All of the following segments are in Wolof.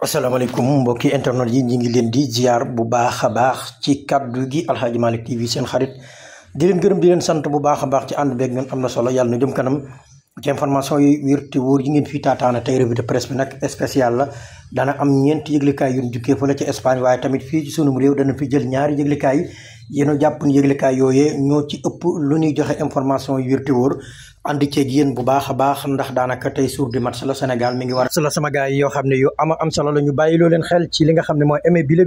asalaamaaleykum mbokki internet yi ñu ngi leen di ziar bu baax a baax ci kaddu gi Aladji Malick TV seen xarit di leen gërëm di leen sant bu baax a baax ci ànd beeg ñun am na solo yàlla na jëm kanam ci information yi wér te wóor yi ngeen fii taataana tey revue de presse bi nag spécial la dana am ñeenti yëglikaay yu ñu jukkee fële ci Espagne waaye tamit fii réew dana fi jël ñaari yëglikaay yéen a jàpp ni yooye ñoo ci ëpp lu ñuy joxe information yi wér te ànd ceeg yéen bu baax a baax ndax daanaka tey suur di match la Sénégal mi ngi war. solo sama gars yi yoo xam ne yu ama am solo la ñu bàyyi looleen xel ci li nga xam ne mooy aimé bi la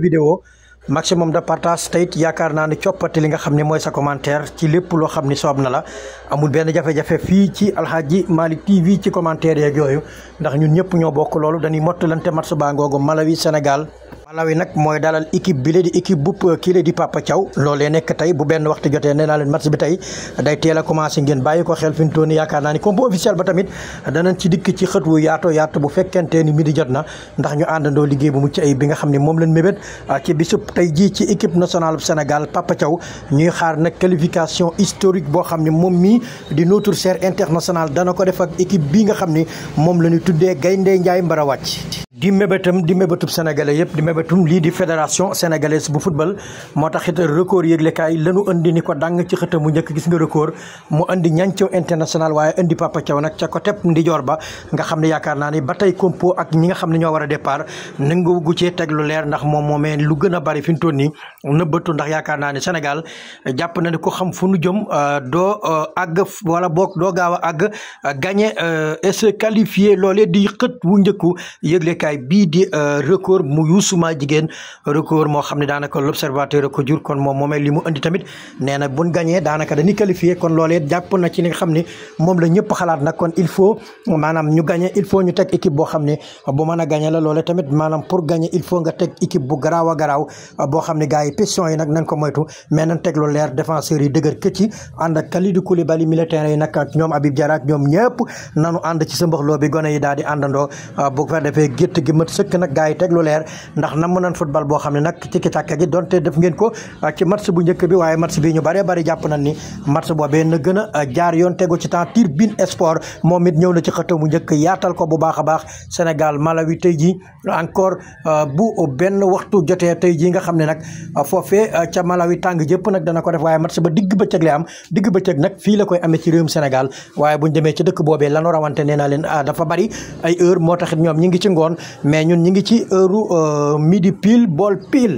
maximum de partage te yaakaar naa ne coppati li nga xam ne mooy sa commentaire ci lépp loo xam ne soob na la amul benn jafe-jafe fii ci Aladji Malick TV ci commentaire yeeg yooyu ndax ñun ñëpp ñoo bokk loolu dañuy mottalante match baa ngoogu Malawi Sénégal. Malawi nag mooy dalal équipe bi la di équipe bu kii la di Papa lool loolee nekk tey bu benn waxtu jotee nee naa leen match bi tey day teel a commencé ngeen bàyyi ko xel fi mu toll nii yaakaar naa ni compo officiel ba tamit danañ ci dikk ci xët wu yaato yaatu bu fekkente ni midi jot na ndax ñu àndandoo liggéey bu mucc ay bi nga xam ne moom lañ mébét ah, ci bisub tey jii ci équipe national bu Sénégal Papa ñuy xaar nag qualification historique boo xam ne moom mii di notre cher international dana ko def ak équipe bii nga xam ni moom la ñu tuddee Gaynde Njaay wàcc di mébétam di mébétub sénégalais yëpp di mébétum lii di fédération sénégalaise bu football moo tax it record yëglekaay lanu andi ni ko dàng ci xëta mu njëkk gis nga record mu andi ñancaw international waaye andi Papa Thiaw nag ca côté ndijoor ba nga xam ne yaakaar naa ni ba tey compo ak ñi nga xam ne ñoo war a départ nangu gu cee teg lu ndax moom moomee lu gën a bari fi mu ndax yaakaar naa ne Sénégal jàpp na ko xam fu nu jëm euh, doo euh, àgg a euh, yéenekaay bii di euh, record mu yuusuma jigéen record moo xam ne daanaka l'observateur ko jur kon moom moomee li mu tamit nee na buñ daanaka dañuy qualifié kon loolee jàpp na ci li xam ne moom la ñëpp xalaat nag kon il faut maanaam ñu gagné il faut ñu teg équipe boo xam ne a gagné la loolee tamit maanaam pour a garaaw boo xam ne gars yi pétition yi nag nañ ko moytu mais nañ teg lu leer défenseurs yi dëgër këcc ci ànd ak Kalidou Koulibaly militaire yi nag ñoom Habib Diarra ñoom ñëpp nanu ànd ci sa mbaxloo cant gi mat sëkk nag gars yi teg lu leer ndax nam nañ football boo xam ne nag ci kitàkka gi donte def ngeen ko ah, ci match bu njëkk bi waaye match bi ñu bëree bëri jàpp nañ ni match boobee na gën a ah, jaar yoon tegu ci temps Turbine Sport moom it ñëw na ci xëtam bu njëkk yaatal ko bu baax a baax Sénégal Malawi tey jii encore ah, bu benn waxtu jotee tey jii nga xam ne nag foofe ca Malawi tàng jëpp nag dana ko def waaye match ba digg bëccëg lay am digg bëccëg nag fii la koy amee ci réewum Sénégal waaye bu demee ci dëkk boobee lanu rawante nee naa leen dafa bari ay heure moo taxit ñoom ñi ngi ci ngoon mais ñun ñi ngi ci heure euh, midi pile bool pile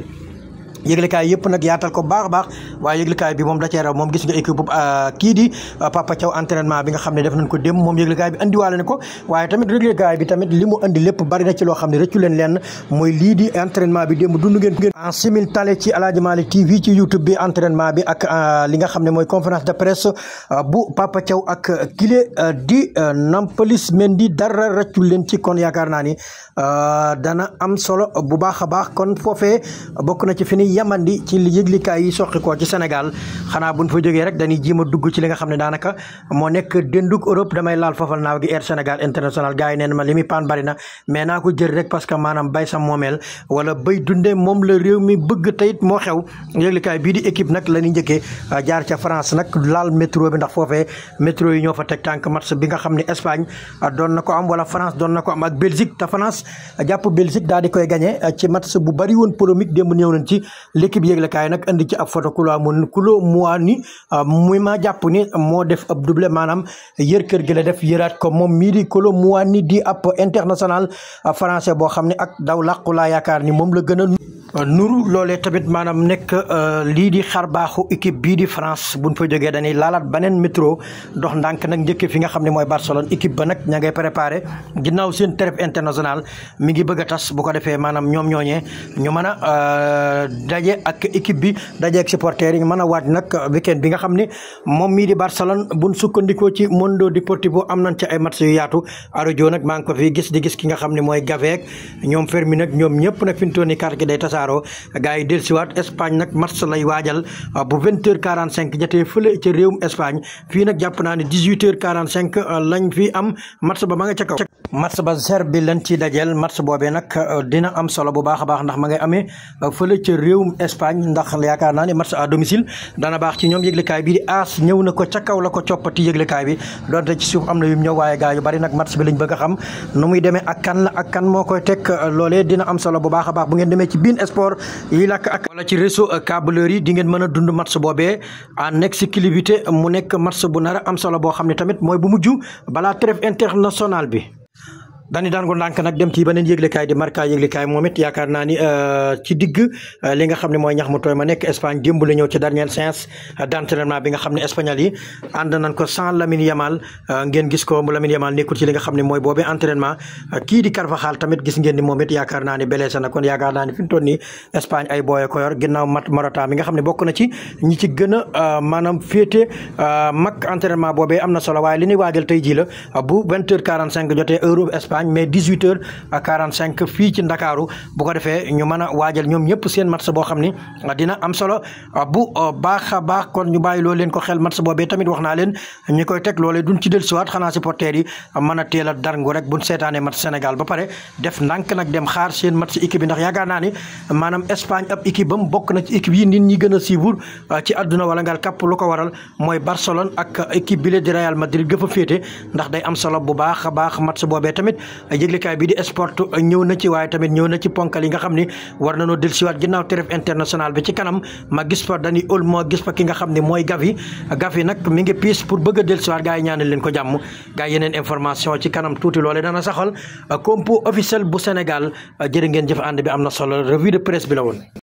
yëglekaay yëpp nag yaatal ko baax baax waaye yëglekaay bi moom da cee moom gis nga équipe bu euh, kii di euh, Papa Thiaw entraînement bi nga xam ne def nañ ko démb moom yëglekaay bi andiwaale na ko waaye tamit yëglekaay bi tamit li mu andi lépp bari ci loo xam ne rëccu leen lenn mooy lii di entraînement bi démb dund ngeen en simultané ci Aladji Malick TV ci YouTube bi entraînement bi ak euh, li nga xam ne mooy conférence de presse bu Papa Thiaw ak kile di Nampalys Mendy dara rëccu leen ci kon yaakaar naa ni dana am solo bu baax a baax kon foofee bokk na ci fi yamandi ci li yëglikaay yi soqi ko ci Sénégal xanaa buñ fa jógee rek dañuy jéem a dugg ci linga xam ne daanaka moo nekk denduk Europe damay laal foofal naa gi Air Sénégal international gars yi ma li muy paan bari na mais naa ko jël rek parce que maanaam bay sa moomeel wala bay dunde moom la réew mi bëgg tayit moo xew yëglikaay bii di équipe nag la ñuy njëkkee ah, jaar ca France nag laal métro bi ndax foofee métro yi ñoo fa teg tànk match bi nga xam ne Espagne ah, doon na ko am wala France doon na ko am ak Belgique te France ah, jàpp Belgique daal di koy gagné ci match bu bari woon polémique démb ñëw nañ ci l'équipe yëglekaay nag indi ci ab photo Kolo mu Kolo Muani ah, muy ma jàpp ni moo def ab doublé maanaam yër kër gi la def yëraat ko moom mii di Kolo Muani di ab international ah, français boo xam ne ak daw làqu laa yaakaar ni moom la gën a nuru loolee tamit maanaam nekk euh, lii di xar baaxu équipe bii di France buñ fa jógee dañuy laalaat beneen métro dox ndànk nag njëkk fi nga xam ne mooy Barcelone équipe ba ña ngay préparé ginnaaw seen trêve international mi ngi bëgg a tas bu ko defee maanaam ñoom ñooñee ñu mën a euh, daje ak équipe bi daje ak supporters yi mën a waaj nag weekend bi nga xam ne moom mii di Barcelone buñ sukkandikoo ci Mundo Deportivo am nañ ci ay match yu yaatu Araujo nag maa ngi ko fi gis di gis ki nga xam ne mooy Gavé ak ñoom Fermi nag ñoom ñëpp nag fi mu toll nii carte gi day tasaar Ndakaaro gars yi dellusiwaat Espagne nag match lay waajal euh, bu vingt heures quarante cinq jotee fële ca réewum Espagne fii nag jàpp naa ne euh, am ma nga ca kaw. match ba Serbie lañ ci dajeel euh, solo bu baax a baax ndax ma ngay amee fële ca réewum Espagne ndax yaakaar naa ne match domicile dana baax ci ñoom yëglekaay bi di aas ñëw na ko ca kaw la ko coppati yëglekaay bi donte ci suuf am na ñëw waaye gars bari nag match bi lañ bëgg a xam nu muy demee moo koy teg loolee dina am solo bu baax a sport yi lakk ak wala ci réseau câbleur yi di ngeen mën a dund match boobee en exclusivité mu nekk match bu nar a am solo boo xam ne tamit mooy bu mujj balaa trêve internationale bi dañu daan ko ndànk nag dem ci beneen yëglekaay di marka yëglekaay moom it yaakaar naa euh, ci digg euh, li nga xam ne mooy ñax ma nekk Espagne démb la ñëw euh, nga xam ne ko sans Lamine Yamal ngeen gis ko mooy boobu entraînement kii di Carvajal tamit gis ngeen ni moom it yaakaar na kon yaakaar naa ni fi mu toll nii Espagne ay booye ko yor ginnaaw mi nga xam ne bokk na ci ñi ci gën a maanaam féete mag entraînement boobee am na solo waaye li ñuy waajal tey jii la bu 20h45 jotee heure Espagne mais 18h à 45 fii ci Ndakaaru bu ko defee ñu mën a waajal ñoom ñëpp seen match boo xam ni dina am solo bu baax a baax kon ñu bàyyi loolu ko xel match boobee tamit wax naa leen ñi koy teg loolee duñ ci dellusiwaat xanaa supporters yi mën a teel a darngu rek buñ seetaanee match Sénégal ba pare def ndànk nag dem xaar seen match équipe bi ndax yaakaar naa ni maanaam Espagne ab équipe bam bokk na ci yi nit ñi gën a siiwul uh, ci àdduna wala ngal kàpp lu ko waral mooy Barcelone ak équipe bi la di Real a yëglikaay bii di sport ñëw na ci waaye tamit ñëw na ci ponkal yi nga xam ni war na nañoo dellusiwaat ginnaaw trêve international bi ci kanam ma gis fa Dani Olmo gis fa ki nga xam ne mooy Gavi Gavi nag mi ngi piis pour bëgg a dellusiwaat gars yi ñaanal leen ko jàmm gars yeneen information ci kanam tuuti loole dana saxal compo officiel bu Sénégal jërë ngeen jëf ànd bi am na solo revue de presse bi la woon